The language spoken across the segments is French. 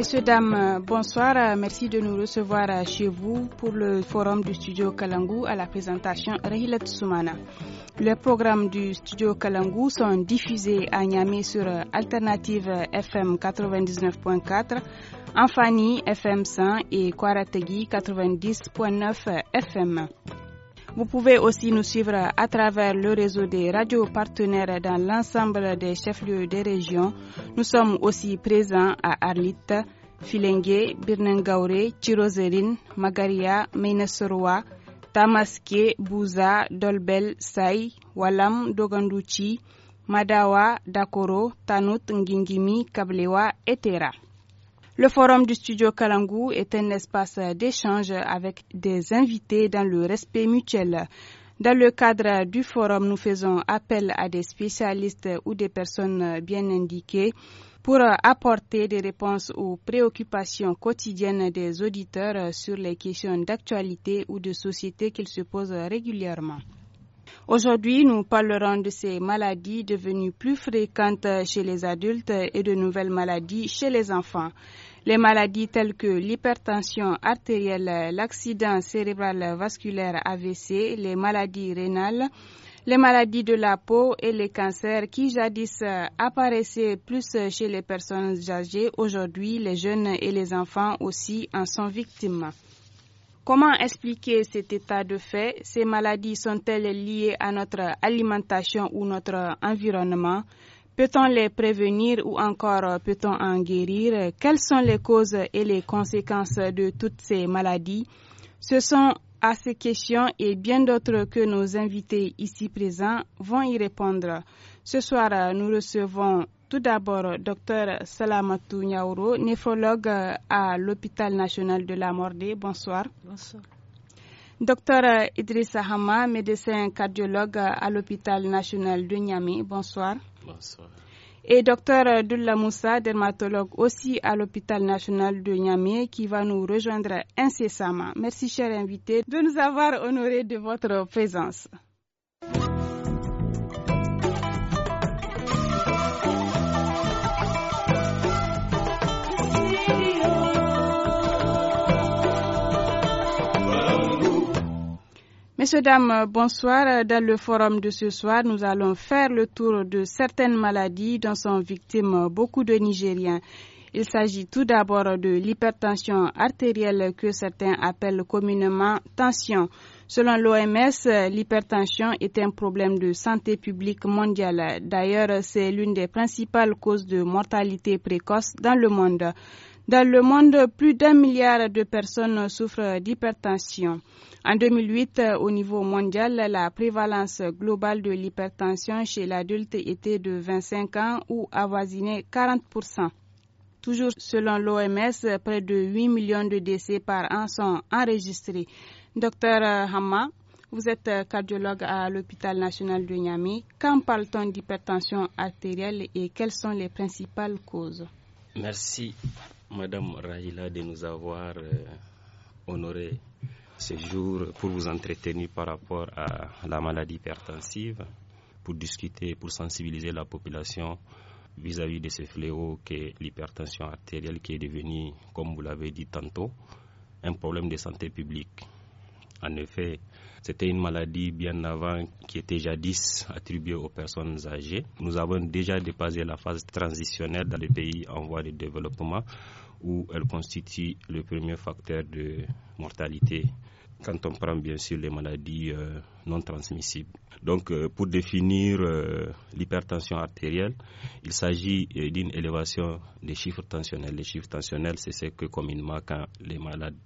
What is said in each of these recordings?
Messieurs, dames, euh, bonsoir. Euh, merci de nous recevoir euh, chez vous pour le forum du studio Kalangou à la présentation Rahilat Soumana. Les programmes du studio Kalangou sont diffusés à Niamey sur Alternative FM 99.4, Enfani FM 100 et Kwarategi 90.9 FM. Vous pouvez aussi nous suivre à travers le réseau des radios partenaires dans l'ensemble des chefs-lieux des régions. Nous sommes aussi présents à Arlit, Filengue, Birnengauré, Tirozerine, Magaria, Meinesoroa, Tamaske, Bouza, Dolbel, Sai, Walam, Dogandouchi, Madawa, Dakoro, Tanut, Ngingimi, Kablewa et le forum du studio Kalangu est un espace d'échange avec des invités dans le respect mutuel. Dans le cadre du forum, nous faisons appel à des spécialistes ou des personnes bien indiquées pour apporter des réponses aux préoccupations quotidiennes des auditeurs sur les questions d'actualité ou de société qu'ils se posent régulièrement. Aujourd'hui, nous parlerons de ces maladies devenues plus fréquentes chez les adultes et de nouvelles maladies chez les enfants. Les maladies telles que l'hypertension artérielle, l'accident cérébral vasculaire AVC, les maladies rénales, les maladies de la peau et les cancers qui jadis apparaissaient plus chez les personnes âgées, aujourd'hui les jeunes et les enfants aussi en sont victimes. Comment expliquer cet état de fait Ces maladies sont-elles liées à notre alimentation ou notre environnement Peut-on les prévenir ou encore euh, peut-on en guérir Quelles sont les causes et les conséquences de toutes ces maladies Ce sont à ces questions et bien d'autres que nos invités ici présents vont y répondre. Ce soir, euh, nous recevons tout d'abord euh, Dr Salamatou Niaouro, néphrologue à l'hôpital national de la Mordée. Bonsoir. Bonsoir. Docteur Idrissa Hama, médecin cardiologue à l'hôpital national de Niamey. Bonsoir. Et docteur Dulla Moussa, dermatologue aussi à l'hôpital national de Niamey, qui va nous rejoindre incessamment. Merci, cher invité, de nous avoir honorés de votre présence. Messieurs, dames, bonsoir. Dans le forum de ce soir, nous allons faire le tour de certaines maladies dont sont victimes beaucoup de Nigériens. Il s'agit tout d'abord de l'hypertension artérielle que certains appellent communément tension. Selon l'OMS, l'hypertension est un problème de santé publique mondiale. D'ailleurs, c'est l'une des principales causes de mortalité précoce dans le monde. Dans le monde, plus d'un milliard de personnes souffrent d'hypertension. En 2008, au niveau mondial, la prévalence globale de l'hypertension chez l'adulte était de 25 ans ou avoisinait 40 Toujours selon l'OMS, près de 8 millions de décès par an sont enregistrés. Docteur Hamma, vous êtes cardiologue à l'hôpital national de Niamey. Quand parle-t-on d'hypertension artérielle et quelles sont les principales causes Merci. Madame Rahila, de nous avoir euh, honoré ce jour pour vous entretenir par rapport à la maladie hypertensive, pour discuter, pour sensibiliser la population vis-à-vis de ce fléau qu'est l'hypertension artérielle qui est devenue, comme vous l'avez dit tantôt, un problème de santé publique. En effet, c'était une maladie bien avant qui était jadis attribuée aux personnes âgées. Nous avons déjà dépassé la phase transitionnelle dans les pays en voie de développement où elle constitue le premier facteur de mortalité quand on prend bien sûr les maladies euh, non transmissibles. Donc euh, pour définir euh, l'hypertension artérielle, il s'agit d'une élévation des chiffres tensionnels. Les chiffres tensionnels, c'est ce que communément quand les malades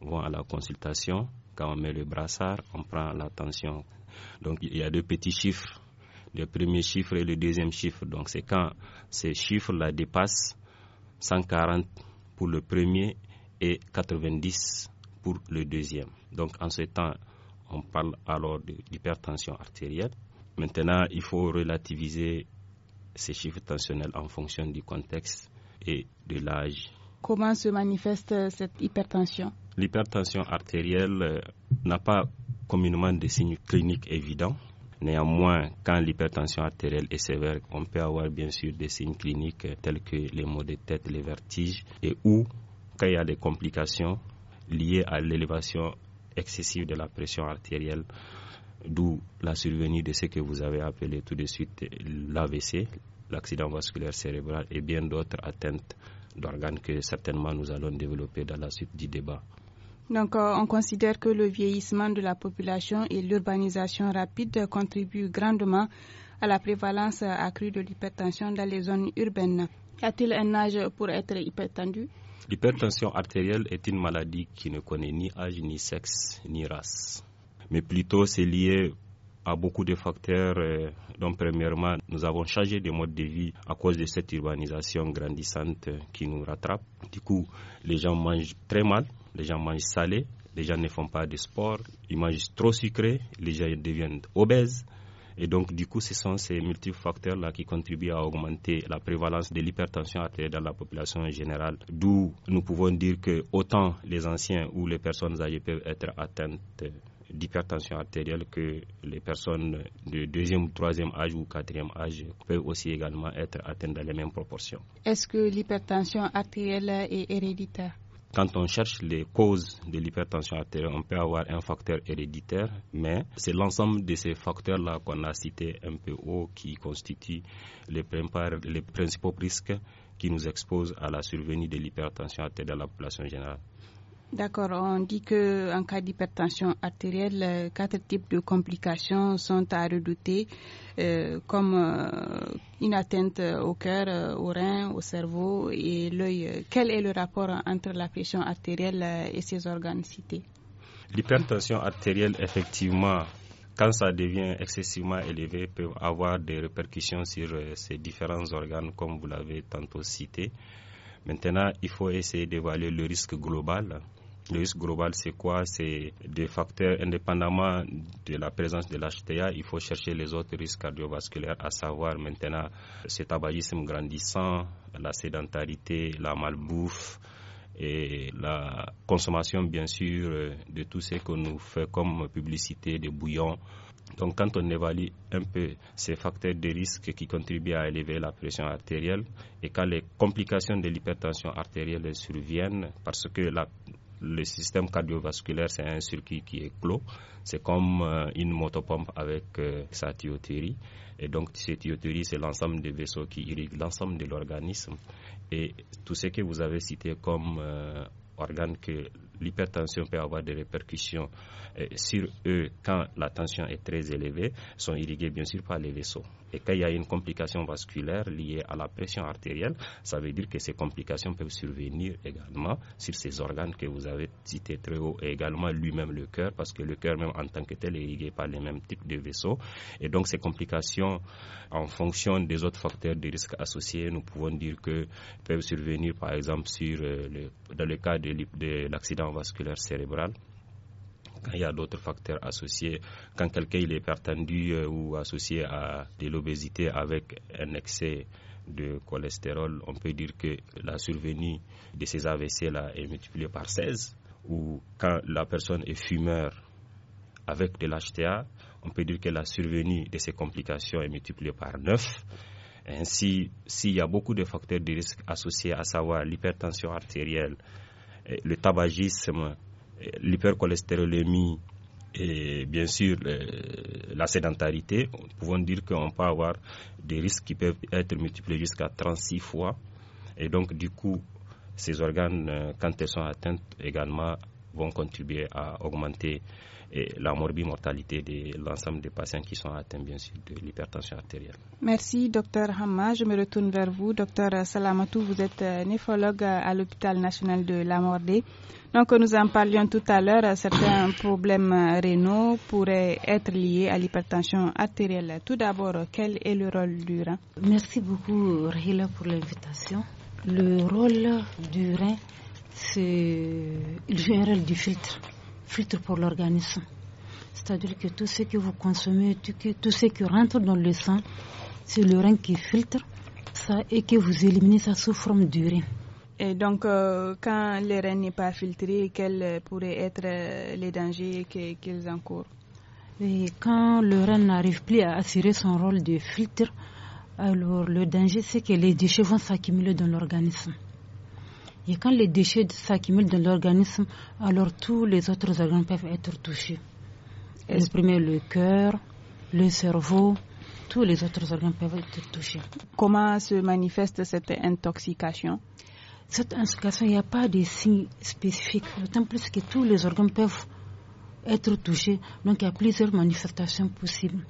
vont à la consultation, quand on met le brassard, on prend la tension. Donc il y a deux petits chiffres, le premier chiffre et le deuxième chiffre. Donc c'est quand ces chiffres la dépassent 140 pour le premier et 90 pour le deuxième. Donc en ce temps, on parle alors d'hypertension artérielle. Maintenant, il faut relativiser ces chiffres tensionnels en fonction du contexte et de l'âge. Comment se manifeste cette hypertension L'hypertension artérielle euh, n'a pas communément des signes cliniques évidents. Néanmoins, quand l'hypertension artérielle est sévère, on peut avoir bien sûr des signes cliniques euh, tels que les maux de tête, les vertiges et ou quand il y a des complications liées à l'élévation excessive de la pression artérielle, d'où la survenue de ce que vous avez appelé tout de suite l'AVC, l'accident vasculaire cérébral et bien d'autres atteintes d'organes que certainement nous allons développer dans la suite du débat. Donc, euh, on considère que le vieillissement de la population et l'urbanisation rapide contribuent grandement à la prévalence accrue de l'hypertension dans les zones urbaines. Y a-t-il un âge pour être hypertendu L'hypertension artérielle est une maladie qui ne connaît ni âge, ni sexe, ni race. Mais plutôt, c'est lié à beaucoup de facteurs. Euh, Donc, premièrement, nous avons changé de mode de vie à cause de cette urbanisation grandissante qui nous rattrape. Du coup, les gens mangent très mal, les gens mangent salé, les gens ne font pas de sport, ils mangent trop sucré, les gens deviennent obèses. Et donc, du coup, ce sont ces multiples facteurs-là qui contribuent à augmenter la prévalence de l'hypertension artérielle dans la population générale. D'où nous pouvons dire que autant les anciens ou les personnes âgées peuvent être atteintes d'hypertension artérielle que les personnes de deuxième troisième âge ou quatrième âge peuvent aussi également être atteintes dans les mêmes proportions. Est-ce que l'hypertension artérielle est héréditaire quand on cherche les causes de l'hypertension artérielle, on peut avoir un facteur héréditaire, mais c'est l'ensemble de ces facteurs-là qu'on a cités un peu haut qui constituent les, les principaux risques qui nous exposent à la survenue de l'hypertension artérielle dans la population générale. D'accord, on dit que en cas d'hypertension artérielle, euh, quatre types de complications sont à redouter, euh, comme euh, une atteinte au cœur, au rein, au cerveau et l'œil. Quel est le rapport entre la pression artérielle et ces organes cités L'hypertension artérielle, effectivement, quand ça devient excessivement élevé, peut avoir des répercussions sur ces différents organes, comme vous l'avez tantôt cité. Maintenant, il faut essayer d'évaluer le risque global le risque global, c'est quoi C'est des facteurs indépendamment de la présence de l'HTA, il faut chercher les autres risques cardiovasculaires, à savoir maintenant ce tabagisme grandissant, la sédentarité, la malbouffe et la consommation, bien sûr, de tout ce que nous fait comme publicité de bouillons. Donc, quand on évalue un peu ces facteurs de risque qui contribuent à élever la pression artérielle et quand les complications de l'hypertension artérielle surviennent, parce que la le système cardiovasculaire, c'est un circuit qui est clos. C'est comme euh, une motopompe avec euh, sa tuyauterie. Et donc, cette tuyauteries, c'est l'ensemble des vaisseaux qui irriguent l'ensemble de l'organisme. Et tout ce que vous avez cité comme euh, organes que l'hypertension peut avoir des répercussions sur eux quand la tension est très élevée sont irrigués bien sûr par les vaisseaux. Et quand il y a une complication vasculaire liée à la pression artérielle, ça veut dire que ces complications peuvent survenir également sur ces organes que vous avez cités très haut et également lui-même le cœur, parce que le cœur même en tant que tel est irrigué par les mêmes types de vaisseaux. Et donc ces complications, en fonction des autres facteurs de risque associés, nous pouvons dire que peuvent survenir par exemple sur euh, le, dans le cas de l'accident vasculaire cérébral quand il y a d'autres facteurs associés, quand quelqu'un est pertendu euh, ou associé à de l'obésité avec un excès de cholestérol, on peut dire que la survenue de ces AVC là est multipliée par 16 ou quand la personne est fumeur avec de l'HTA, on peut dire que la survenue de ces complications est multipliée par 9. Ainsi, s'il y a beaucoup de facteurs de risque associés, à savoir l'hypertension artérielle, le tabagisme, l'hypercholestérolémie et bien sûr euh, la sédentarité, nous pouvons dire qu'on peut avoir des risques qui peuvent être multipliés jusqu'à 36 fois. Et donc, du coup, ces organes, euh, quand elles sont atteintes également, vont contribuer à augmenter eh, la mortalité de l'ensemble des patients qui sont atteints, bien sûr, de l'hypertension artérielle. Merci, docteur Hamma. Je me retourne vers vous. Docteur Salamatou, vous êtes euh, néphrologue à l'hôpital national de la Mordée. Donc, nous en parlions tout à l'heure, certains problèmes rénaux pourraient être liés à l'hypertension artérielle. Tout d'abord, quel est le rôle du rein Merci beaucoup, Rahila, pour l'invitation. Le rôle du rein c'est le rôle du filtre, filtre pour l'organisme. C'est-à-dire que tout ce que vous consommez, tout ce qui rentre dans le sang, c'est le rein qui filtre ça et que vous éliminez ça sous forme d'urine. Et donc, euh, quand le rein n'est pas filtré, quels euh, pourraient être euh, les dangers qu'ils encourent et Quand le rein n'arrive plus à assurer son rôle de filtre, alors le danger, c'est que les déchets vont s'accumuler dans l'organisme. Et quand les déchets s'accumulent dans l'organisme, alors tous les autres organes peuvent être touchés. Exprimer le cœur, le cerveau, tous les autres organes peuvent être touchés. Comment se manifeste cette intoxication Cette intoxication, il n'y a pas de signes spécifiques, d'autant plus que tous les organes peuvent être touchés. Donc il y a plusieurs manifestations possibles.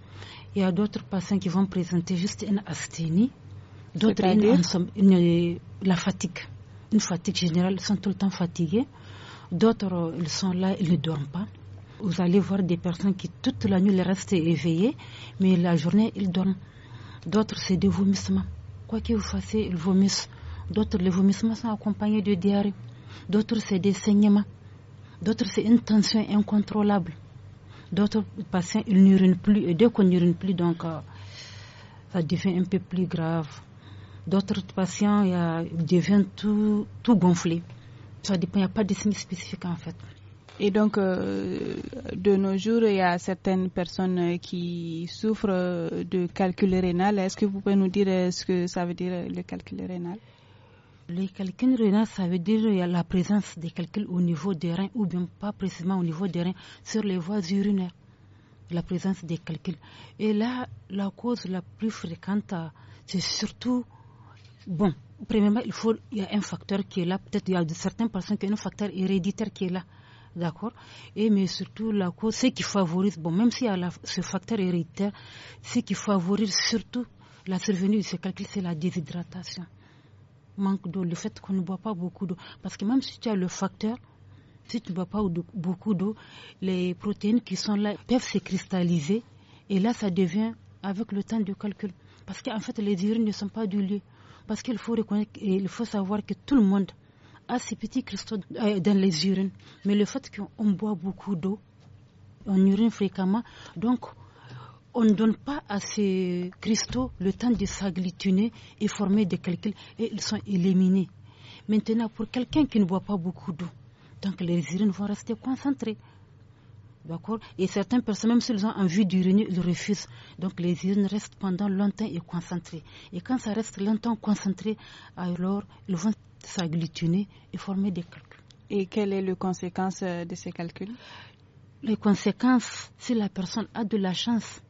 Il y a d'autres patients qui vont présenter juste une asthénie, d'autres une, la fatigue une fatigue générale, ils sont tout le temps fatigués. D'autres, ils sont là, ils ne dorment pas. Vous allez voir des personnes qui toute la nuit restent éveillées, mais la journée, ils dorment. D'autres, c'est des vomissements. Quoi que vous fassiez, ils vomissent. D'autres, les vomissements sont accompagnés de diarrhée. D'autres, c'est des saignements. D'autres, c'est une tension incontrôlable. D'autres patients, ils n'urinent plus. Et dès qu'on n'urine plus, donc, euh, ça devient un peu plus grave. D'autres patients y a, deviennent tout, tout gonflés. Ça dépend, il n'y a pas de signes spécifiques en fait. Et donc, euh, de nos jours, il y a certaines personnes qui souffrent de calcul rénal. Est-ce que vous pouvez nous dire euh, ce que ça veut dire le calcul rénal Le calcul rénal, ça veut dire il y a la présence des calculs au niveau des reins, ou bien pas précisément au niveau des reins, sur les voies urinaires. La présence des calculs. Et là, la cause la plus fréquente, euh, c'est surtout Bon, premièrement, il faut, y a un facteur qui est là. Peut-être il y a de certaines personnes qui ont un facteur héréditaire qui est là. D'accord Et mais surtout, la cause, ce qui favorise, bon, même s'il y a ce facteur héréditaire, ce qui favorise surtout la survenue de ce calcul, c'est la déshydratation. Manque d'eau, le fait qu'on ne boit pas beaucoup d'eau. Parce que même si tu as le facteur, si tu ne bois pas beaucoup d'eau, les protéines qui sont là peuvent se cristalliser. Et là, ça devient avec le temps de calcul. Parce qu'en fait, les urines ne sont pas du lieu. Parce qu'il faut, il faut savoir que tout le monde a ces petits cristaux euh, dans les urines. Mais le fait qu'on boit beaucoup d'eau, on urine fréquemment, donc on ne donne pas à ces cristaux le temps de s'agglutiner et former des calculs et ils sont éliminés. Maintenant, pour quelqu'un qui ne boit pas beaucoup d'eau, donc les urines vont rester concentrées. D'accord Et certaines personnes, même si s'ils ont envie d'uriner, ils refusent. Donc les urines restent pendant longtemps et concentrées. Et quand ça reste longtemps concentré, alors ils vont s'agglutiner et former des calculs. Et quelle est la conséquence euh, de ces calculs Les conséquences, si la personne a de la chance,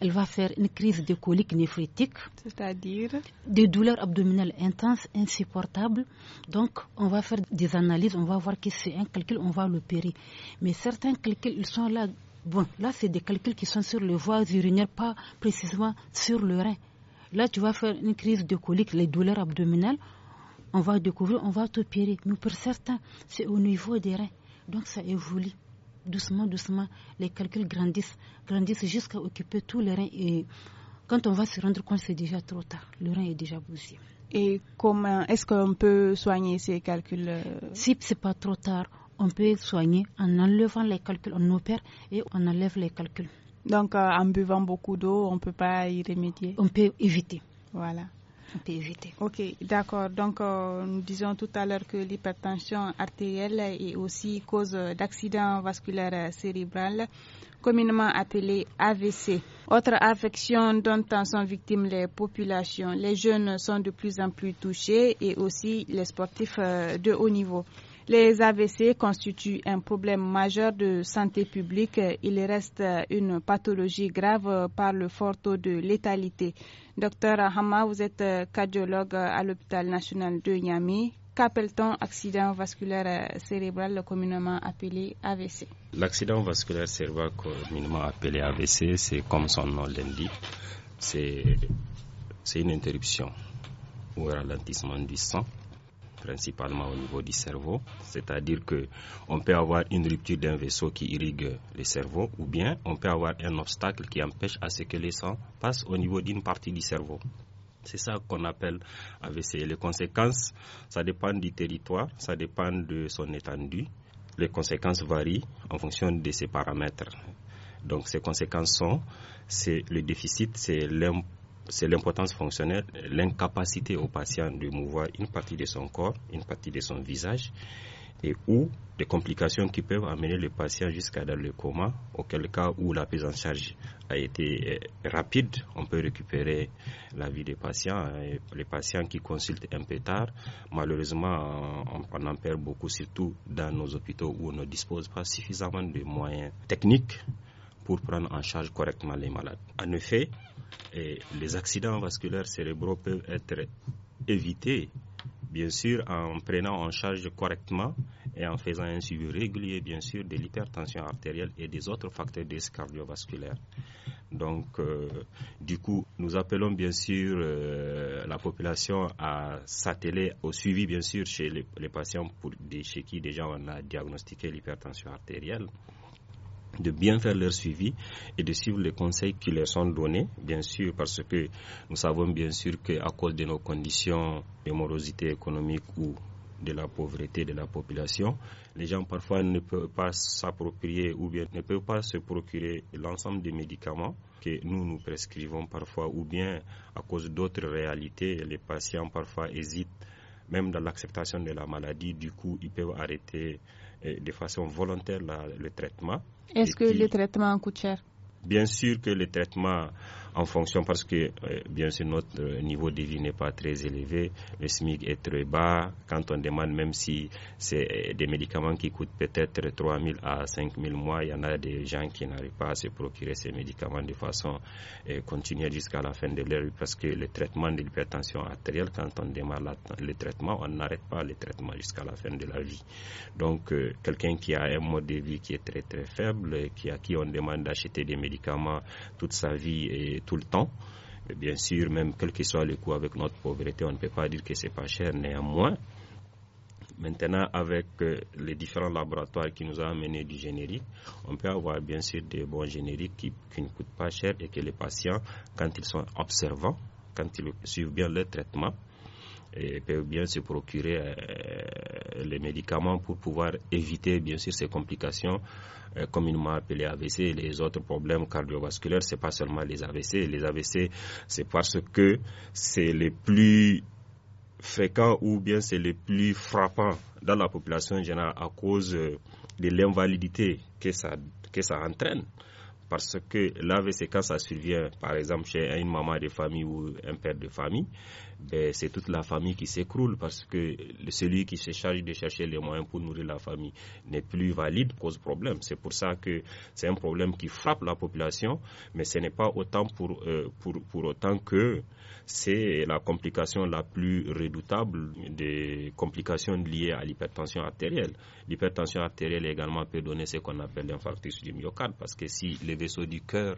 elle va faire une crise de colique néphritique, c'est-à-dire des douleurs abdominales intenses, insupportables. Donc, on va faire des analyses, on va voir que c'est un calcul, on va l'opérer. Mais certains calculs, ils sont là. Bon, là, c'est des calculs qui sont sur le voies urinaires, pas précisément sur le rein. Là, tu vas faire une crise de colique, les douleurs abdominales. On va découvrir, on va t'opérer. Mais pour certains, c'est au niveau des reins. Donc, ça évolue doucement, doucement, les calculs grandissent, grandissent jusqu'à occuper tout le rein. Et quand on va se rendre compte, c'est déjà trop tard. Le rein est déjà bouché. Et comment est-ce qu'on peut soigner ces calculs euh? Si c'est pas trop tard, on peut soigner en enlevant les calculs. On opère et on enlève les calculs. Donc, euh, en buvant beaucoup d'eau, on ne peut pas y remédier On peut éviter. Voilà. Ok, d'accord. Donc, euh, nous disons tout à l'heure que l'hypertension artérielle est aussi cause d'accidents vasculaires cérébral, communément appelé AVC. Autre affection dont sont victimes les populations. Les jeunes sont de plus en plus touchés et aussi les sportifs euh, de haut niveau. Les AVC constituent un problème majeur de santé publique. Il reste une pathologie grave par le fort taux de létalité. Docteur Hama, vous êtes cardiologue à l'hôpital national de Niamey. Qu'appelle-t-on accident vasculaire cérébral communément appelé AVC L'accident vasculaire cérébral communément appelé AVC, c'est comme son nom l'indique, c'est une interruption ou un ralentissement du sang principalement au niveau du cerveau, c'est-à-dire que on peut avoir une rupture d'un vaisseau qui irrigue le cerveau, ou bien on peut avoir un obstacle qui empêche à ce que le sang passe au niveau d'une partie du cerveau. C'est ça qu'on appelle AVC. les conséquences, ça dépend du territoire, ça dépend de son étendue. Les conséquences varient en fonction de ces paramètres. Donc ces conséquences sont c'est le déficit, c'est c'est l'importance fonctionnelle, l'incapacité au patient de mouvoir une partie de son corps, une partie de son visage, et ou des complications qui peuvent amener le patient jusqu'à dans le coma, auquel cas où la prise en charge a été euh, rapide, on peut récupérer la vie des patients. Hein, les patients qui consultent un peu tard, malheureusement, on, en perd beaucoup, surtout dans nos hôpitaux où on ne dispose pas suffisamment de moyens techniques pour prendre en charge correctement les malades. En effet, et les accidents vasculaires cérébraux peuvent être évités, bien sûr, en prenant en charge correctement et en faisant un suivi régulier, bien sûr, de l'hypertension artérielle et des autres facteurs cardiovasculaires. Donc, euh, du coup, nous appelons bien sûr euh, la population à s'atteler au suivi, bien sûr, chez les, patients pour chez qui déjà on a diagnostiqué l'hypertension artérielle de bien faire leur suivi et de suivre les conseils qui leur sont donnés, bien sûr, parce que nous savons bien sûr qu'à cause de nos conditions de morosité économique ou de la pauvreté de la population. Les gens parfois ne peuvent pas s'approprier ou bien ne peuvent pas se procurer l'ensemble des médicaments que nous nous prescrivons parfois ou bien à cause d'autres réalités, les patients parfois hésitent même dans l'acceptation de la maladie, du coup, ils peuvent arrêter euh, de façon volontaire le traitement. Est-ce que le traitement coûte cher Bien sûr que le traitement en fonction parce que euh, bien sûr notre euh, niveau de vie n'est pas très élevé, le SMIC est très bas. Quand on demande même si c'est euh, des médicaments qui coûtent peut-être 3 000 à 5 000 mois, il y en a des gens qui n'arrivent pas à se procurer ces médicaments de façon continue jusqu'à la fin de leur vie parce que le traitement de l'hypertension artérielle, quand on démarre le traitement, on n'arrête pas le traitement jusqu'à la fin de la vie. Donc quelqu'un qui a un mode de vie qui est très très faible, qui à qui on demande d'acheter des médicaments toute sa vie et tout le temps. bien sûr, même quel que soit le coût avec notre pauvreté, on ne peut pas dire que c'est pas cher néanmoins. Maintenant, avec euh, les différents laboratoires qui nous ont amené du générique, on peut avoir bien sûr des bons génériques qui, ne coûtent pas cher et que les patients, quand ils sont observants, quand ils suivent bien le traitement, et peuvent bien se procurer euh, les médicaments pour pouvoir éviter bien sûr ces complications euh, communément appelées AVC et les autres problèmes cardiovasculaires. ce n'est pas seulement les AVC. Les AVC, c'est parce que c'est les plus fréquents ou bien c'est les plus frappants dans la population générale à cause euh, de l'invalidité que ça, que ça entraîne parce que l'AVC, quand ça survient, par exemple, chez une maman de famille ou un père de famille, ben, c'est toute la famille qui s'écroule parce que celui qui se charge de chercher les moyens pour nourrir la famille n'est plus valide, cause problème. C'est pour ça que c'est un problème qui frappe la population, mais ce n'est pas autant pour, euh, pour autant que c'est la complication la plus redoutable des complications liées à l'hypertension artérielle. L'hypertension artérielle également peut donner ce qu'on appelle l'infarctus du myocarde parce que si vaisseaux du cœur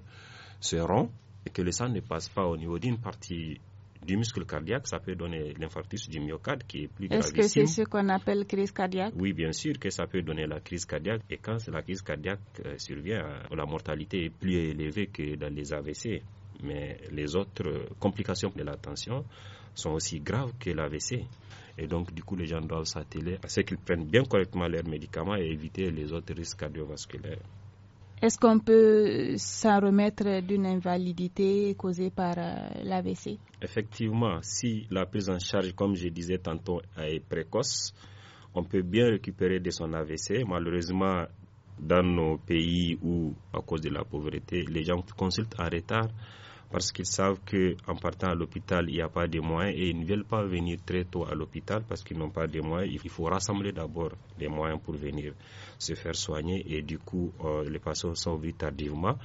se rompent et que le sang ne passe pas au niveau d'une partie du muscle cardiaque, ça peut donner l'infarctus du myocarde qui est plus grave. Est-ce que c'est ce qu'on appelle crise cardiaque Oui, bien sûr que ça peut donner la crise cardiaque. Et quand la crise cardiaque euh, survient, euh, la mortalité est plus élevée que dans les AVC. Mais les autres euh, complications de la tension sont aussi graves que l'AVC. Et donc, du coup, les gens doivent s'atteler à ce qu'ils prennent bien correctement leurs médicaments et éviter les autres risques cardiovasculaires. Est-ce qu'on peut s'en remettre d'une invalidité causée par euh, l'AVC Effectivement, si la prise en charge, comme je disais tantôt, est précoce, on peut bien récupérer de son AVC. Malheureusement, dans nos pays où, à cause de la pauvreté, les gens consultent en retard, parce qu'ils savent en partant à l'hôpital, il n'y a pas de moyens et ils ne veulent pas venir très tôt à l'hôpital parce qu'ils n'ont pas de moyens. Il faut rassembler d'abord les moyens pour venir se faire soigner et du coup, euh, les patients sont vus tardivement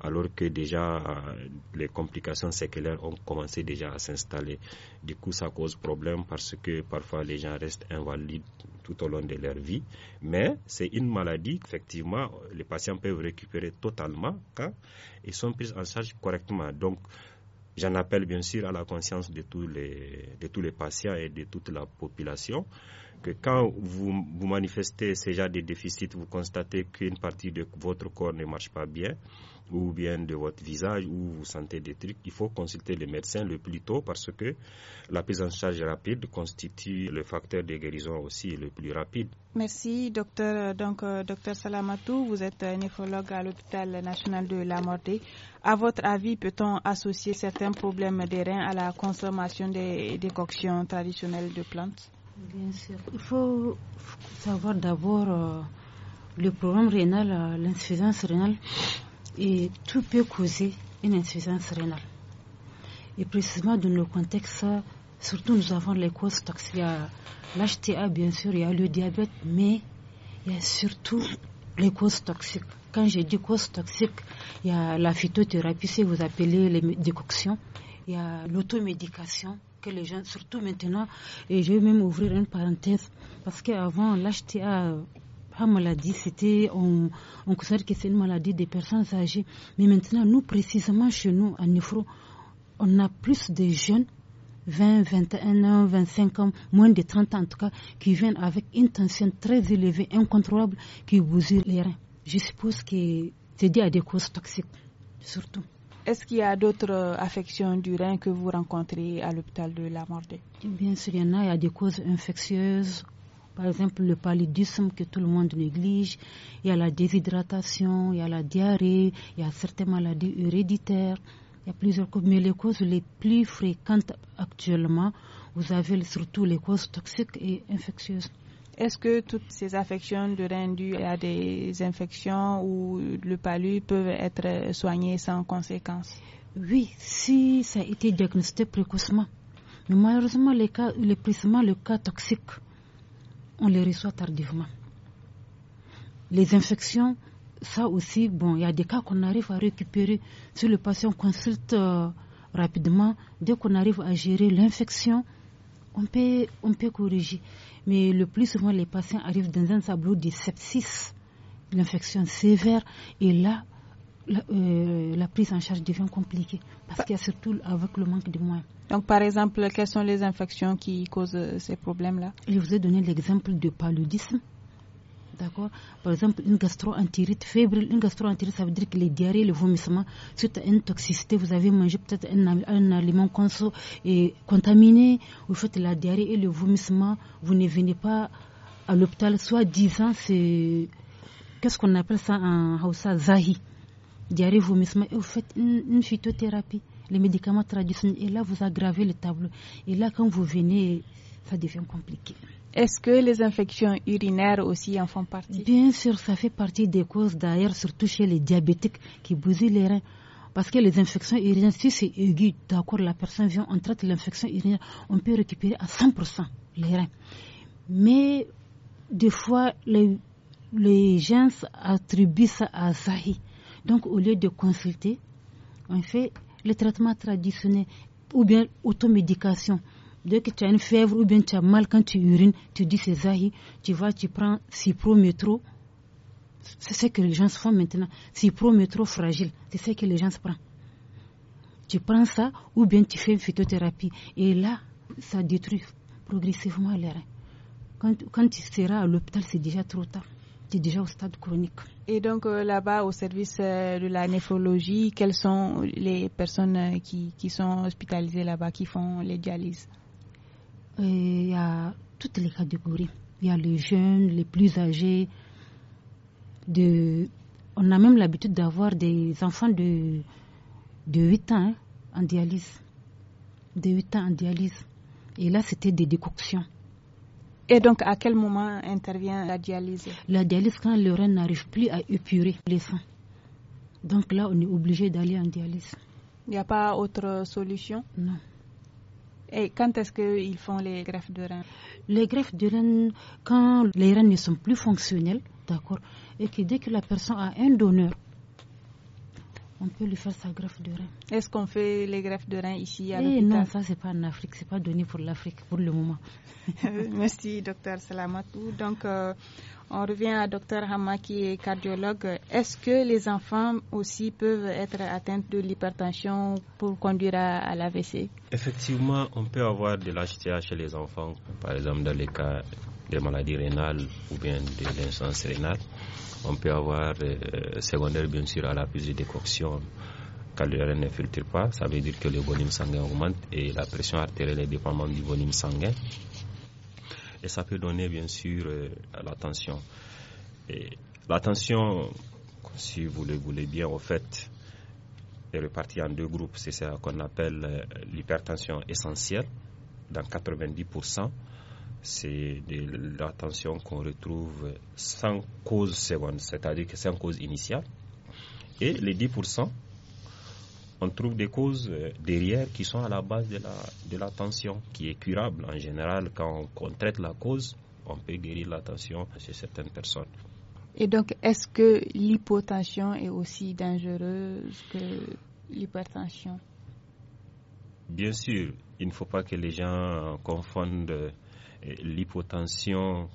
alors que déjà euh, les complications séculaires ont commencé déjà à s'installer. Du coup, ça cause problème parce que parfois les gens restent invalides tout au long de leur vie. Mais c'est une maladie, effectivement, les patients peuvent récupérer totalement quand ils sont pris en charge correctement. Donc, j'en appelle bien sûr à la conscience de tous les, de tous les patients et de toute la population que quand vous, vous manifestez ces des déficits, vous constatez qu'une partie de votre corps ne marche pas bien, ou bien de votre visage, ou vous sentez des trucs, il faut consulter le médecin le plus tôt parce que la prise en charge rapide constitue le facteur de guérison aussi le plus rapide. Merci, docteur. Donc, euh, docteur Salamatou, vous êtes néphrologue à l'hôpital national de la Mordée. À votre avis, peut-on associer certains problèmes des reins à la consommation des décoctions traditionnelles de plantes? Bien sûr. Il faut savoir d'abord euh, le problème rénal, euh, l'insuffisance rénale, et tout peut causer une insuffisance rénale. Et précisément dans le contexte, surtout nous avons les causes toxiques. Il y a l'HTA, bien sûr, il y a le diabète, mais il y a surtout les causes toxiques. Quand j'ai dit causes toxiques, il y a la phytothérapie, si vous appelez les décoctions, il y a l'automédication, que les gens, surtout maintenant, et je vais même ouvrir une parenthèse, parce qu'avant, l'HTA pas maladie, c'était, on, considère que c'est une maladie des personnes âgées. Mais maintenant, nous, précisément chez nous, à Nifro, on a plus de jeunes, 20, 21 ans, 25 ans, moins de 30 ans en tout cas, qui viennent avec une tension très élevée, incontrôlable, qui bousillent les reins. Je suppose que c'est dû à des causes toxiques, surtout. Est-ce qu'il y a d'autres euh, affections du rein que vous rencontrez à l'hôpital de la Mordée Bien sûr, il y en a. Il y a des causes infectieuses. Par exemple, le paludisme que tout le monde néglige. Il y a la déshydratation, il y a la diarrhée, il y a certaines maladies héréditaires. Il y a plusieurs causes, mais les causes les plus fréquentes actuellement, vous avez surtout les causes toxiques et infectieuses. Est-ce que toutes ces affections de rein dues à des infections ou le palu peuvent être soignées sans conséquence Oui, si ça a été diagnostiqué précocement. Mais malheureusement, les cas, les le cas toxique, on les reçoit tardivement. Les infections, ça aussi, bon, il y a des cas qu'on arrive à récupérer. Si le patient consulte euh, rapidement, dès qu'on arrive à gérer l'infection, on peut, on peut corriger mais le plus souvent, les patients arrivent dans un tableau de sepsis, l'infection sévère, et là, la, euh, prise en charge devient compliquée parce qu'il y a surtout avec le manque de moyens. Donc, par exemple, quelles sont les infections qui causent euh, ces problèmes-là Je vous ai donné l'exemple de paludisme. D'accord Par exemple, une gastro-entérite, fébrile, une gastro-entérite, ça veut dire que les diarrhées, les vomissements, suite à une toxicité, vous avez mangé peut-être un, aliment conso et contaminé, vous faites la diarrhée et le vomissement, vous ne venez pas à l'hôpital, soit disant c'est. Qu'est-ce qu'on appelle ça en Hausa Zahi. Diarrhée, vomissement, et vous faites une phytothérapie, les médicaments traditionnels, et là, vous aggravez le tableau. Et là, quand vous venez, ça devient compliqué. Est-ce que les infections urinaires aussi en font partie Bien sûr, ça fait partie des causes d'ailleurs, surtout chez les diabétiques qui bousillent les reins. Parce que les infections urinaires, si c'est aigu, d'accord, la personne vient, on traite l'infection urinaire, on peut récupérer à 100% les reins. Mais des fois, les, gens attribuent ça à Zahi. Donc, au lieu de consulter, on fait le traitement traditionnel ou bien automédication. Dès que tu as une fièvre ou bien tu as mal quand tu urines, tu dis c'est Zahi, tu vas, tu prends Cipro trop C'est ce que les gens se font maintenant. Cipro trop fragile, c'est ce que les gens se prennent. Tu prends ça ou bien tu fais une phytothérapie. Et là, ça détruit progressivement les reins. Quand, quand tu seras à l'hôpital, c'est déjà trop tard Tu es déjà au stade chronique. Et donc euh, là-bas, au service euh, de la néphrologie, quelles sont les personnes euh, qui, qui, sont hospitalisées là-bas, qui font les dialyses il y a toutes les catégories. Il y a les jeunes, les plus âgés. De, on a même l'habitude d'avoir des enfants de, de 8 ans hein, en dialyse. De 8 ans en dialyse. Et là, c'était des décoctions. Et donc, à quel moment intervient la dialyse La dialyse, quand le rein n'arrive plus à épurer les sangs Donc là, on est obligé d'aller en dialyse. Il n'y a pas autre solution Non. Et quand est-ce qu'ils font les greffes de rein Les greffes de rein, quand les reins ne sont plus fonctionnels, d'accord, et que dès que la personne a un donneur, on peut lui faire sa greffe de rein. Est-ce qu'on fait les greffes de rein ici à eh l'hôpital Non, ça c'est pas en Afrique, c'est pas donné pour l'Afrique pour le moment. Merci, docteur Salamatou. Donc euh, on revient à Dr Hama qui est cardiologue. Est-ce que les enfants aussi peuvent être atteints de l'hypertension pour conduire à, l'AVC Effectivement, on peut avoir de l'HTA chez les enfants, par exemple dans les cas de maladies rénales ou bien de l'insuffisance rénale. On peut avoir euh, secondaire bien sûr à la prise de décoction car le RN ne filtre pas, ça veut dire que le volume sanguin augmente et la pression artérielle est dépendante du volume sanguin et ça peut donner bien sûr l'attention. Euh, la tension. la tension, si vous le voulez bien, au fait, est répartie en deux groupes. C'est ce qu'on appelle euh, l'hypertension essentielle, dans 90%. C'est de la tension qu'on retrouve sans cause seconde, c'est-à-dire que sans cause initiale. Et les 10%, on trouve des causes euh, derrière qui sont à la base de la, de la tension, qui est curable. En général, quand on, traite la cause, on peut guérir la tension chez certaines personnes. Et donc, est-ce que l'hypotension est aussi dangereuse que l'hypertension Bien sûr, il ne faut pas que les gens confondent euh, l'hypotension.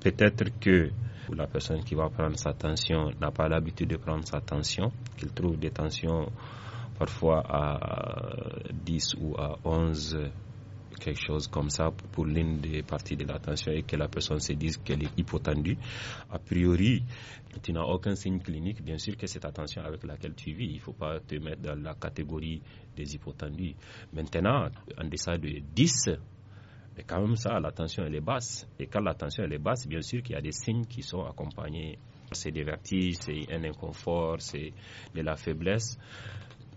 Peut-être que la personne qui va prendre sa tension n'a pas l'habitude de prendre sa tension, qu'il trouve des tensions parfois à 10 ou à 11, quelque chose comme ça, pour l'une des parties de l'attention et que la personne se dise qu'elle est hypotendue. A priori, tu n'as aucun signe clinique. Bien sûr que cette attention avec laquelle tu vis, il ne faut pas te mettre dans la catégorie des hypotendus. Maintenant, en dessous de 10, mais quand même ça, l'attention elle est basse. Et quand l'attention elle est basse, bien sûr qu'il y a des signes qui sont accompagnés. C'est des vertiges, c'est un inconfort, c'est de la faiblesse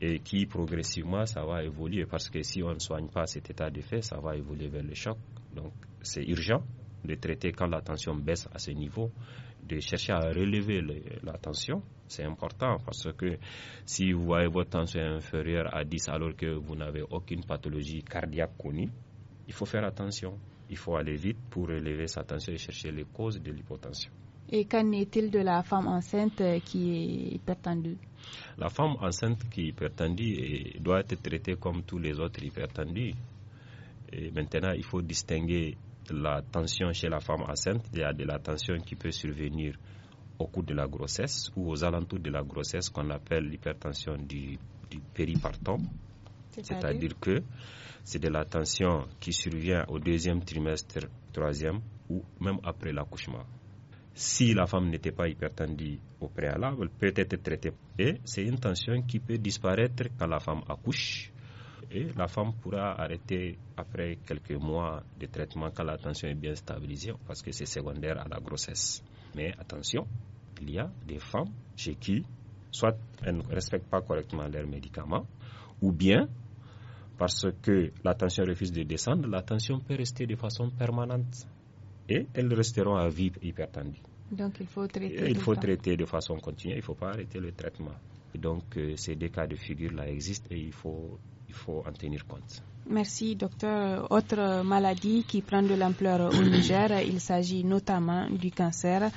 et qui progressivement ça va évoluer parce que si on ne soigne pas cet état de fait, ça va évoluer vers le choc. Donc c'est urgent de traiter quand la tension baisse à ce niveau, de chercher à relever la tension. C'est important parce que si vous avez votre tension inférieure à 10 alors que vous n'avez aucune pathologie cardiaque connue, il faut faire attention. Il faut aller vite pour relever sa tension et chercher les causes de l'hypotension. Et qu'en est-il de la femme enceinte qui est hypertendue la femme enceinte qui est hypertendue doit être traitée comme tous les autres hypertendus. Et maintenant, il faut distinguer la tension chez la femme enceinte. Il y a de la tension qui peut survenir au cours de la grossesse ou aux alentours de la grossesse qu'on appelle l'hypertension du péripartum. C'est-à-dire que c'est de la tension qui survient au deuxième trimestre, troisième ou même après l'accouchement si la femme n'était pas hypertendue au préalable, peut être traitée. Et c'est une tension qui peut disparaître quand la femme accouche. Et la femme pourra arrêter après quelques mois de traitement quand la tension est bien stabilisée parce que c'est secondaire à la grossesse. Mais attention, il y a des femmes chez qui soit elles ne respectent pas correctement leurs médicaments ou bien parce que la tension refuse de descendre, la tension peut rester de façon permanente et elles resteront à vie hypertendues. Donc il faut traiter. Il faut traiter de façon continue, il ne faut pas arrêter le traitement. donc euh, ces deux cas de figure-là existent et il faut en tenir compte. Merci, docteur. Autre maladie qui prend de l'ampleur au Niger, il s'agit notamment du cancer.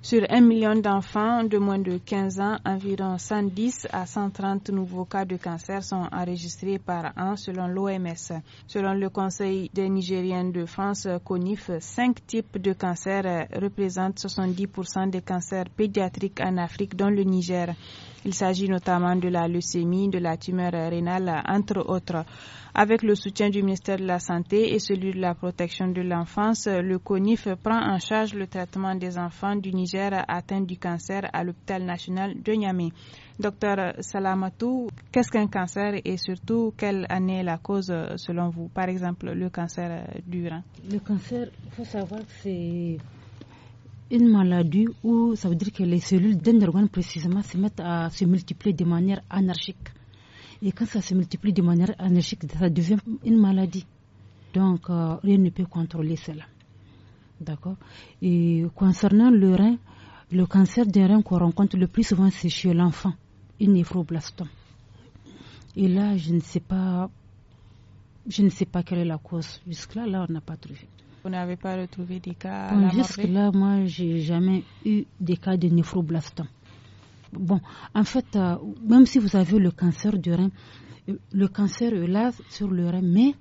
Sur un million d'enfants de moins de 15 ans, environ 110 à 130 nouveaux cas de cancer sont enregistrés par an selon l'OMS. Selon le Conseil des Nigériens de France, CONIF, cinq types de cancers représentent 70% des cancers pédiatriques en Afrique, dont le Niger. Il s'agit notamment de la leucémie, de la tumeur rénale, entre autres. Avec le soutien du ministère de la Santé et celui de la protection de l'enfance, le CONIF prend en charge le traitement des enfants du Niger atteints du cancer à l'hôpital national de Niamey. Docteur Salamatou, qu'est-ce qu'un cancer et surtout quelle en est la cause selon vous Par exemple, le cancer du rein. Le cancer, il faut savoir que c'est une maladie où ça veut dire que les cellules d'un organe précisément se mettent à se multiplier de manière anarchique. Et quand ça se multiplie de manière anarchique, ça devient une maladie. Donc, euh, rien ne peut contrôler cela. D'accord Et concernant le rein, le cancer des reins qu'on rencontre le plus souvent, c'est chez l'enfant, une néphroblastome. Et là, je ne sais pas, je ne sais pas quelle est la cause. jusque là, on n'a pas trouvé vous n'avez pas retrouvé des cas Jusque-là, moi, j'ai jamais eu des cas de néphroblastome Bon, en fait, euh, même si vous avez le cancer du rein, euh, le cancer est là sur le rein, mais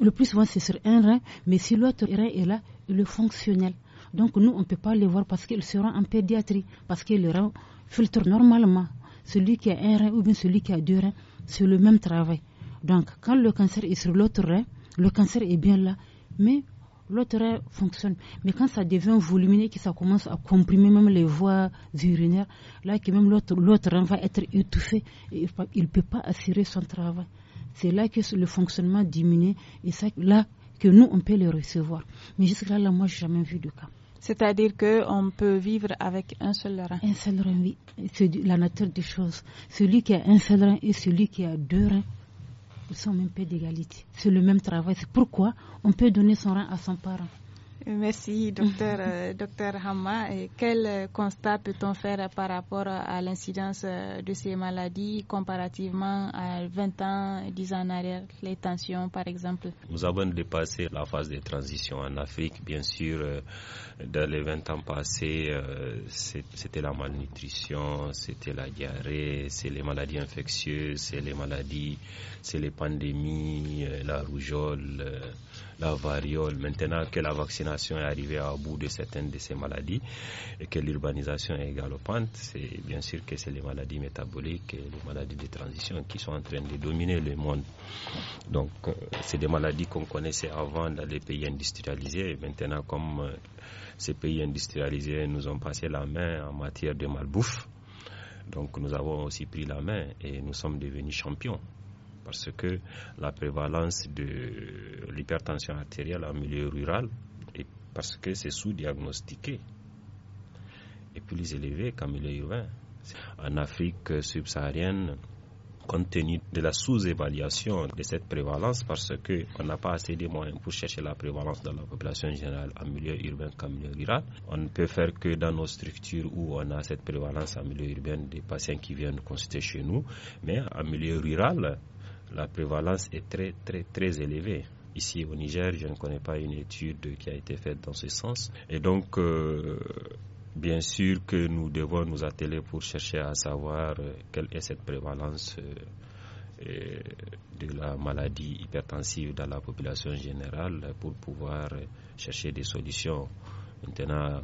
le plus souvent c'est sur un rein, mais si l'autre rein est là, il est fonctionnel. Donc nous, on ne peut pas les voir parce qu'ils seront en pédiatrie, parce que le rein filtre normalement. Celui qui a un rein ou bien celui qui a deux reins, c'est le même travail. Donc quand le cancer est sur l'autre rein, le cancer est bien là, mais l'autre fonctionne. Mais quand ça devient volumineux, que ça commence à comprimer même les voies urinaires, là que même l'autre va être étouffé, il ne peut pas assurer son travail. C'est là que le fonctionnement diminue et c'est là que nous, on peut le recevoir. Mais jusque-là, là, moi, je n'ai jamais vu de cas. C'est-à-dire qu'on peut vivre avec un seul rein. Un seul rein, oui. C'est la nature des choses. Celui qui a un seul rein et celui qui a deux reins, ils sont même pas d'égalité. C'est le même travail. C'est pourquoi on peut donner son rein à son parent. Merci, docteur, euh, Hamma. quel euh, constat peut-on faire par rapport à l'incidence euh, de ces maladies comparativement à 20 ans, 10 ans en arrière, les tensions par exemple Nous avons dépassé la phase de transition en Afrique. Bien sûr, dans les 20 ans passés, c'était la malnutrition, c'était la diarrhée, c'est les maladies infectieuses, c'est les maladies, c'est les pandémies, la rougeole la variole, maintenant que la vaccination est arrivée à bout de certaines de ces maladies et que l'urbanisation est galopante, c'est bien sûr que c'est les maladies métaboliques et les maladies de transition qui sont en train de dominer le monde. Donc, euh, c'est des maladies qu'on connaissait avant dans les pays industrialisés maintenant, comme euh, ces pays industrialisés nous ont passé la main en matière de malbouffe, donc nous avons aussi pris la main et nous sommes devenus champions parce que la prévalence de l'hypertension artérielle en milieu rural est parce que c'est sous-diagnostiqué est plus élevé qu'en milieu urbain. En Afrique subsaharienne, compte tenu de la sous-évaluation de cette prévalence, parce qu'on n'a pas assez de moyens pour chercher la prévalence dans la population générale en milieu urbain qu'en milieu rural, on ne peut faire que dans nos structures où on a cette prévalence en milieu urbain des patients qui viennent consulter chez nous, mais en milieu rural, la prévalence est très, très, très élevée. Ici au Niger, je ne connais pas une étude qui a été faite dans ce sens. Et donc, euh, bien sûr que nous devons nous atteler pour chercher à savoir euh, quelle est cette prévalence euh, de la maladie hypertensive dans la population générale pour pouvoir chercher des solutions Maintenant, euh,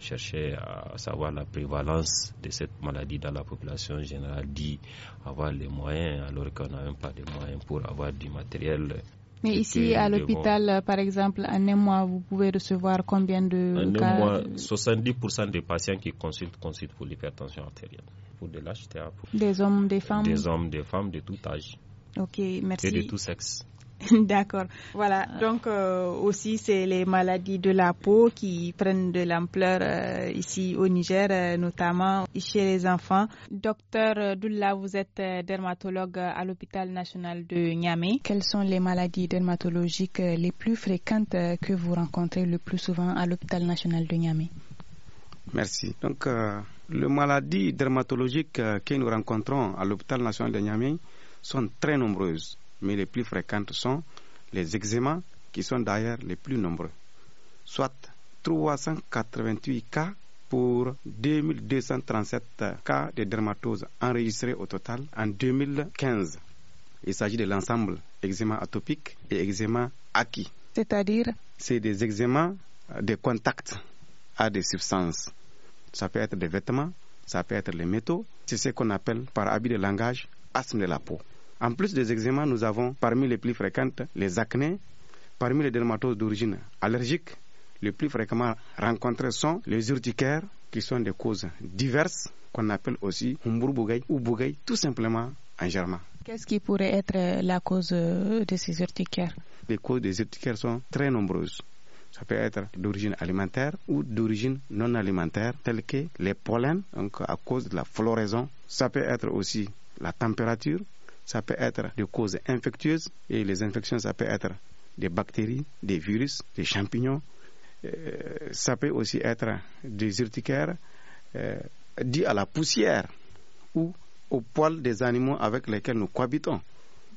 chercher à savoir la prévalence de cette maladie dans la population générale dit avoir les moyens, alors qu'on n'a même pas de moyens pour avoir du matériel. Mais ici, à euh, l'hôpital, euh, par exemple, en un mois, vous pouvez recevoir combien de en cas... un mois, 70% des patients qui consultent consultent pour l'hypertension artérielle, pour de l'HTA. Des hommes, des femmes Des hommes, des femmes de tout âge. Ok, merci. Et de tout sexe. D'accord. Voilà. Euh. Donc euh, aussi, c'est les maladies de la peau qui prennent de l'ampleur euh, ici au Niger, notamment chez les enfants. Docteur Doula, vous êtes dermatologue à l'hôpital national de Niamey. Quelles sont les maladies dermatologiques les plus fréquentes que vous rencontrez le plus souvent à l'hôpital national de Niamey Merci. Donc, les maladies dermatologiques que nous rencontrons à l'hôpital national de Niamey sont très nombreuses mais les plus fréquentes sont les eczémas, qui sont d'ailleurs les plus nombreux, soit 388 cas pour 2237 cas de dermatose enregistrés au total en 2015. Il s'agit de l'ensemble eczéma atopique et eczéma acquis. C'est-à-dire C'est des eczémas de contact à des substances. Ça peut être des vêtements, ça peut être les métaux. C'est ce qu'on appelle par habit de langage asthme de la peau. En plus des examens, nous avons parmi les plus fréquentes les acnés, parmi les dermatoses d'origine allergique. Les plus fréquemment rencontrés sont les urticaires, qui sont des causes diverses, qu'on appelle aussi humbourbougaï ou bougaï, tout simplement en germain. Qu'est-ce qui pourrait être euh, la cause euh, de ces urticaires Les causes des urticaires sont très nombreuses. Ça peut être d'origine alimentaire ou d'origine non alimentaire, telles que les pollens, donc à cause de la floraison. Ça peut être aussi la température, ça peut être des causes infectieuses et les infections, ça peut être des bactéries, des virus, des champignons. Euh, ça peut aussi être des urticaires euh, dits à la poussière ou au poil des animaux avec lesquels nous cohabitons.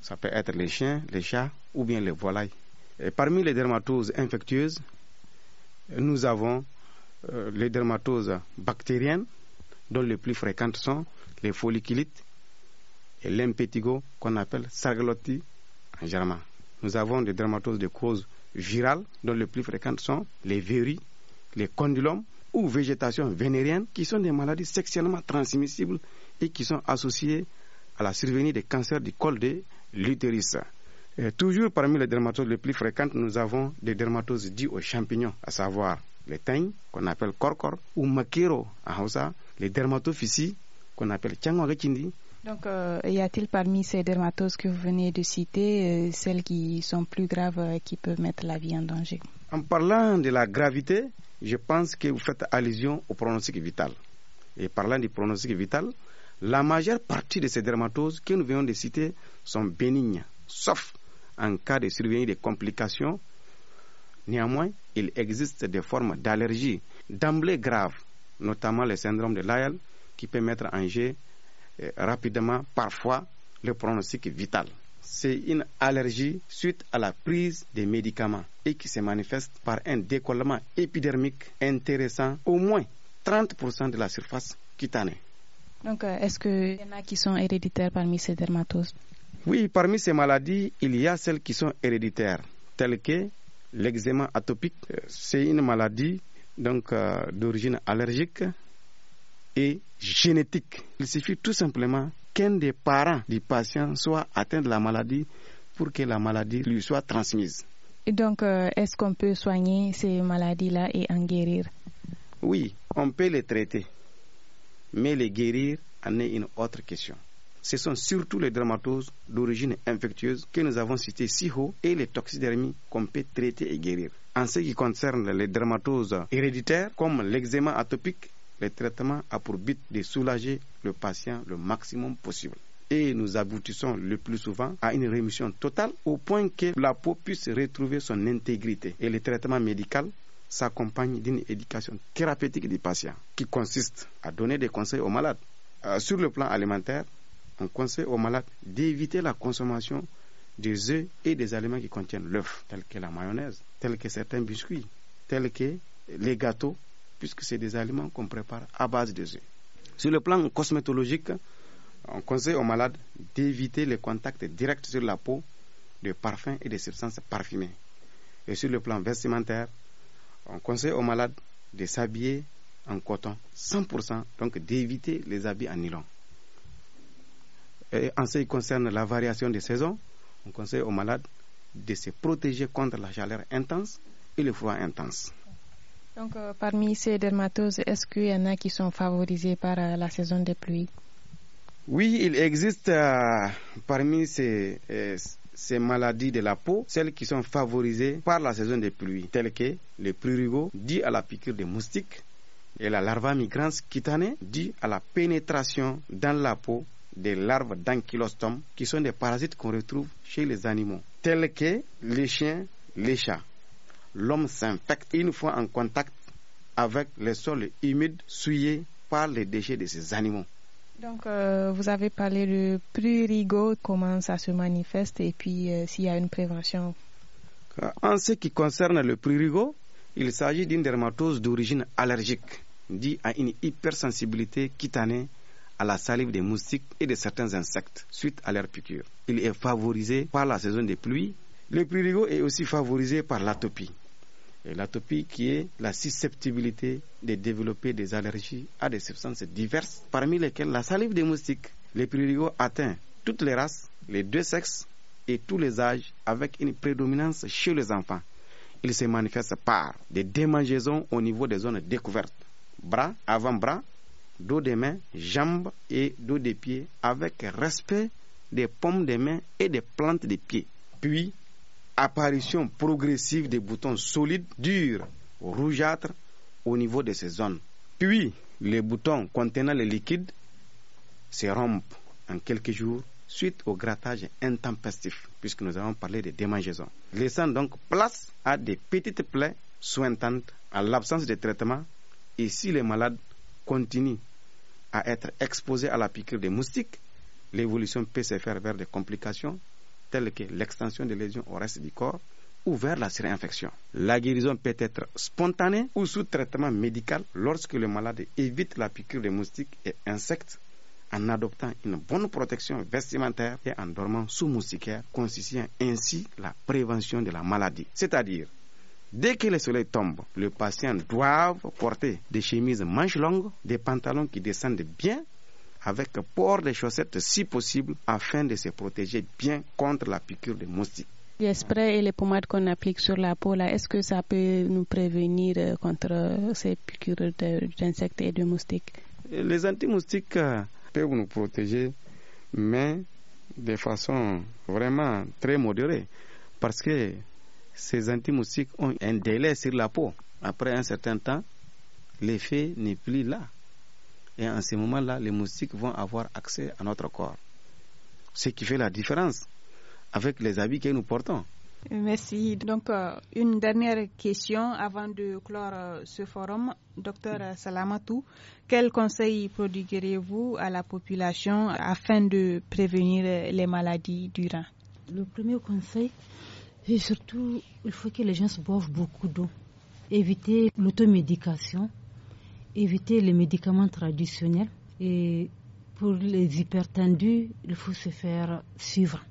Ça peut être les chiens, les chats ou bien les volailles. Et parmi les dermatoses infectieuses, nous avons euh, les dermatoses bactériennes, dont les plus fréquentes sont les folliculites, l'impétigo qu'on appelle sargalotti en germain. Nous avons des dermatoses de cause virale, dont les plus fréquentes sont les verrues, les condylomes ou végétation vénérienne, qui sont des maladies sexuellement transmissibles et qui sont associées à la survenue des cancers du col de l'utérus. toujours parmi les dermatoses les plus fréquentes, nous avons des dermatoses dues aux champignons, à savoir les teignes, qu'on appelle corcor, ou maquero en les dermatophysies, qu'on appelle tchangwagachindi, donc, euh, y a-t-il parmi ces dermatoses que vous venez de citer euh, celles qui sont plus graves et euh, qui peuvent mettre la vie en danger En parlant de la gravité, je pense que vous faites allusion au pronostic vital. Et parlant du pronostic vital, la majeure partie de ces dermatoses que nous venons de citer sont bénignes, sauf en cas de survie des complications. Néanmoins, il existe des formes d'allergie d'emblée graves, notamment le syndrome de Lyell, qui peut mettre en jeu rapidement, parfois, le pronostic vital. C'est une allergie suite à la prise des médicaments et qui se manifeste par un décollement épidermique intéressant au moins 30% de la surface cutanée. Donc, euh, est-ce qu'il y en a qui sont héréditaires parmi ces dermatoses Oui, parmi ces maladies, il y a celles qui sont héréditaires, telles que l'eczéma atopique. Euh, c'est une maladie donc euh, d'origine allergique et génétique. Il suffit tout simplement qu'un des parents du patient soit atteint de la maladie pour que la maladie lui soit transmise. Et donc, euh, est-ce qu'on peut soigner ces maladies-là et en guérir Oui, on peut les traiter, mais les guérir en est une autre question. Ce sont surtout les dermatoses d'origine infectieuse que nous avons citées si haut et les toxidermies qu'on peut traiter et guérir. En ce qui concerne les dermatoses héréditaires, comme l'eczéma atopique, le traitement a pour but de soulager le patient le maximum possible. Et nous aboutissons le plus souvent à une rémission totale au point que la peau puisse retrouver son intégrité. Et le traitement médical s'accompagne d'une éducation thérapeutique du patient qui consiste à donner des conseils aux malades. Euh, sur le plan alimentaire, on conseille aux malades d'éviter la consommation des œufs et des aliments qui contiennent l'œuf, tels que la mayonnaise, tels que certains biscuits, tels que les gâteaux puisque c'est des aliments qu'on prépare à base de œufs. Sur le plan cosmétologique, on conseille aux malades d'éviter les contacts directs sur la peau de parfums et de substances parfumées. Et sur le plan vestimentaire, on conseille aux malades de s'habiller en coton 100%, donc d'éviter les habits en nylon. Et en ce qui concerne la variation des saisons, on conseille aux malades de se protéger contre la chaleur intense et le froid intense. Donc, euh, parmi ces dermatoses, est-ce qu'il y en a qui sont favorisées par euh, la saison des pluies Oui, il existe euh, parmi ces, ces maladies de la peau, celles qui sont favorisées par la saison des pluies, telles que le prurigo, dit à la piqûre des moustiques, et la larva migrans cutanée, dit à la pénétration dans la peau des larves d'ankylostome, qui sont des parasites qu'on retrouve chez les animaux, tels que les chiens, les chats l'homme s'infecte une fois en contact avec les sols humides souillés par les déchets de ces animaux. Donc, euh, vous avez parlé du prurigo, comment ça se manifeste et puis euh, s'il y a une prévention. Euh, en ce qui concerne le prurigo, il s'agit d'une dermatose d'origine allergique, due à une hypersensibilité cutanée à la salive des moustiques et de certains insectes suite à leur piqûre. Il est favorisé par la saison des pluies. Le prurigo est aussi favorisé par l'atopie. L'atopie qui est la susceptibilité de développer des allergies à des substances diverses, parmi lesquelles la salive des moustiques. les atteint toutes les races, les deux sexes et tous les âges, avec une prédominance chez les enfants. Il se manifeste par des démangeaisons au niveau des zones découvertes, bras, avant-bras, dos des mains, jambes et dos des pieds, avec respect des pommes des mains et des plantes des pieds. Puis, apparition progressive des boutons solides, durs, rougeâtres au niveau de ces zones. Puis, les boutons contenant le liquide se rompent en quelques jours suite au grattage intempestif, puisque nous avons parlé de démangeaisons, laissant donc place à des petites plaies sointantes à l'absence de traitement. Et si les malades continuent à être exposés à la piqûre des moustiques, l'évolution peut se faire vers des complications telles que l'extension des lésions au reste du corps ou vers la surinfection. La guérison peut être spontanée ou sous traitement médical lorsque le malade évite la piqûre des moustiques et insectes en adoptant une bonne protection vestimentaire et en dormant sous moustiquaire, consistant ainsi la prévention de la maladie. C'est-à-dire, dès que le soleil tombe, le patient doit porter des chemises manches longues, des pantalons qui descendent bien avec port des chaussettes si possible afin de se protéger bien contre la piqûre de moustiques. Les sprays et les pommades qu'on applique sur la peau, est-ce que ça peut nous prévenir euh, contre euh, ces piqûres d'insectes et de moustiques euh, Les anti-moustiques peuvent nous protéger, mais de façon vraiment très modérée, parce que ces anti-moustiques ont un délai sur la peau. Après un certain temps, l'effet n'est plus là. Et en ce moment-là, les moustiques vont avoir accès à notre corps. Ce qui fait la différence avec les habits que nous portons. Merci. Donc, euh, une dernière question avant de clore euh, ce forum. Docteur Salamatou, quel conseil produirez vous à la population afin de prévenir les maladies du rein Le premier conseil, c'est surtout, il faut que les gens boivent beaucoup d'eau. Éviter l'automédication éviter les médicaments traditionnels et pour les hypertendus, il faut se faire suivre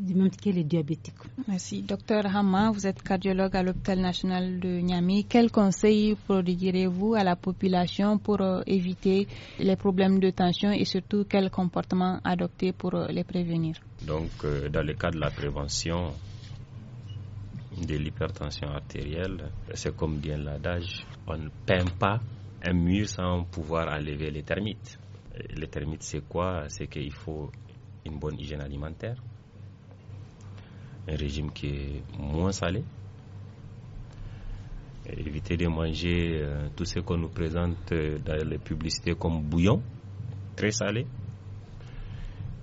du même que les diabétiques. Merci. Docteur Hama, vous êtes cardiologue à l'hôpital national de Niamey. Quels conseils produirez vous à la population pour euh, éviter les problèmes de tension et surtout quels comportements adopter pour euh, les prévenir Donc, euh, dans le cas de la prévention de l'hypertension artérielle, c'est comme dit l'adage, on ne peint pas un mur sans pouvoir enlever les termites. Euh, les termites, c'est quoi C'est qu'il faut une bonne hygiène alimentaire, un régime qui est moins salé, éviter de manger euh, tout ce qu'on nous présente euh, dans les publicités comme bouillon, très salé,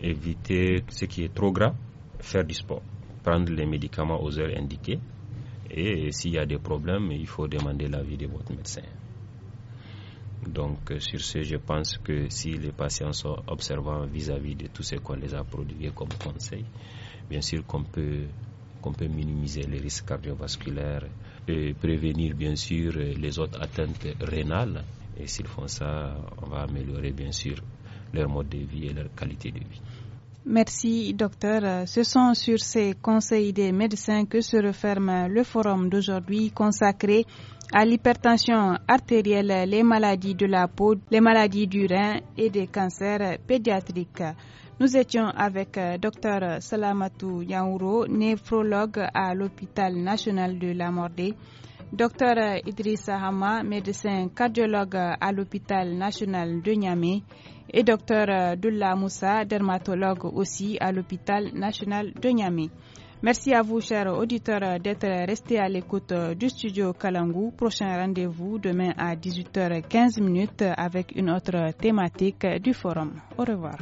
éviter tout ce qui est trop gras, faire du sport, prendre les médicaments aux heures indiquées, et s'il y a des problèmes, il faut demander l'avis de votre médecin. Donc euh, sur ce, je pense que si les patients sont observants vis-à-vis de tout ce qu'on les a produit comme conseil, bien sûr qu'on peut qu'on peut minimiser les risques cardiovasculaires et prévenir bien sûr les autres atteintes rénales. Et s'ils font ça, on va améliorer bien sûr leur mode de vie et leur qualité de vie. Merci, docteur. Ce sont sur ces conseils des médecins que se referme le forum d'aujourd'hui consacré à l'hypertension artérielle, les maladies de la peau, les maladies du rein et des cancers pédiatriques. Nous étions avec euh, Dr Salamatou Yaouro, néphrologue à l'hôpital national de la Mordée. Dr Idrissa Hama, médecin cardiologue à l'hôpital national de Niamey. Et Dr Dulla Moussa, dermatologue aussi à l'hôpital national de Niamey. Merci à vous, chers auditeurs, d'être restés à l'écoute euh, du studio Kalangou. Prochain rendez-vous demain à 18h15 avec une autre thématique du forum. Au revoir.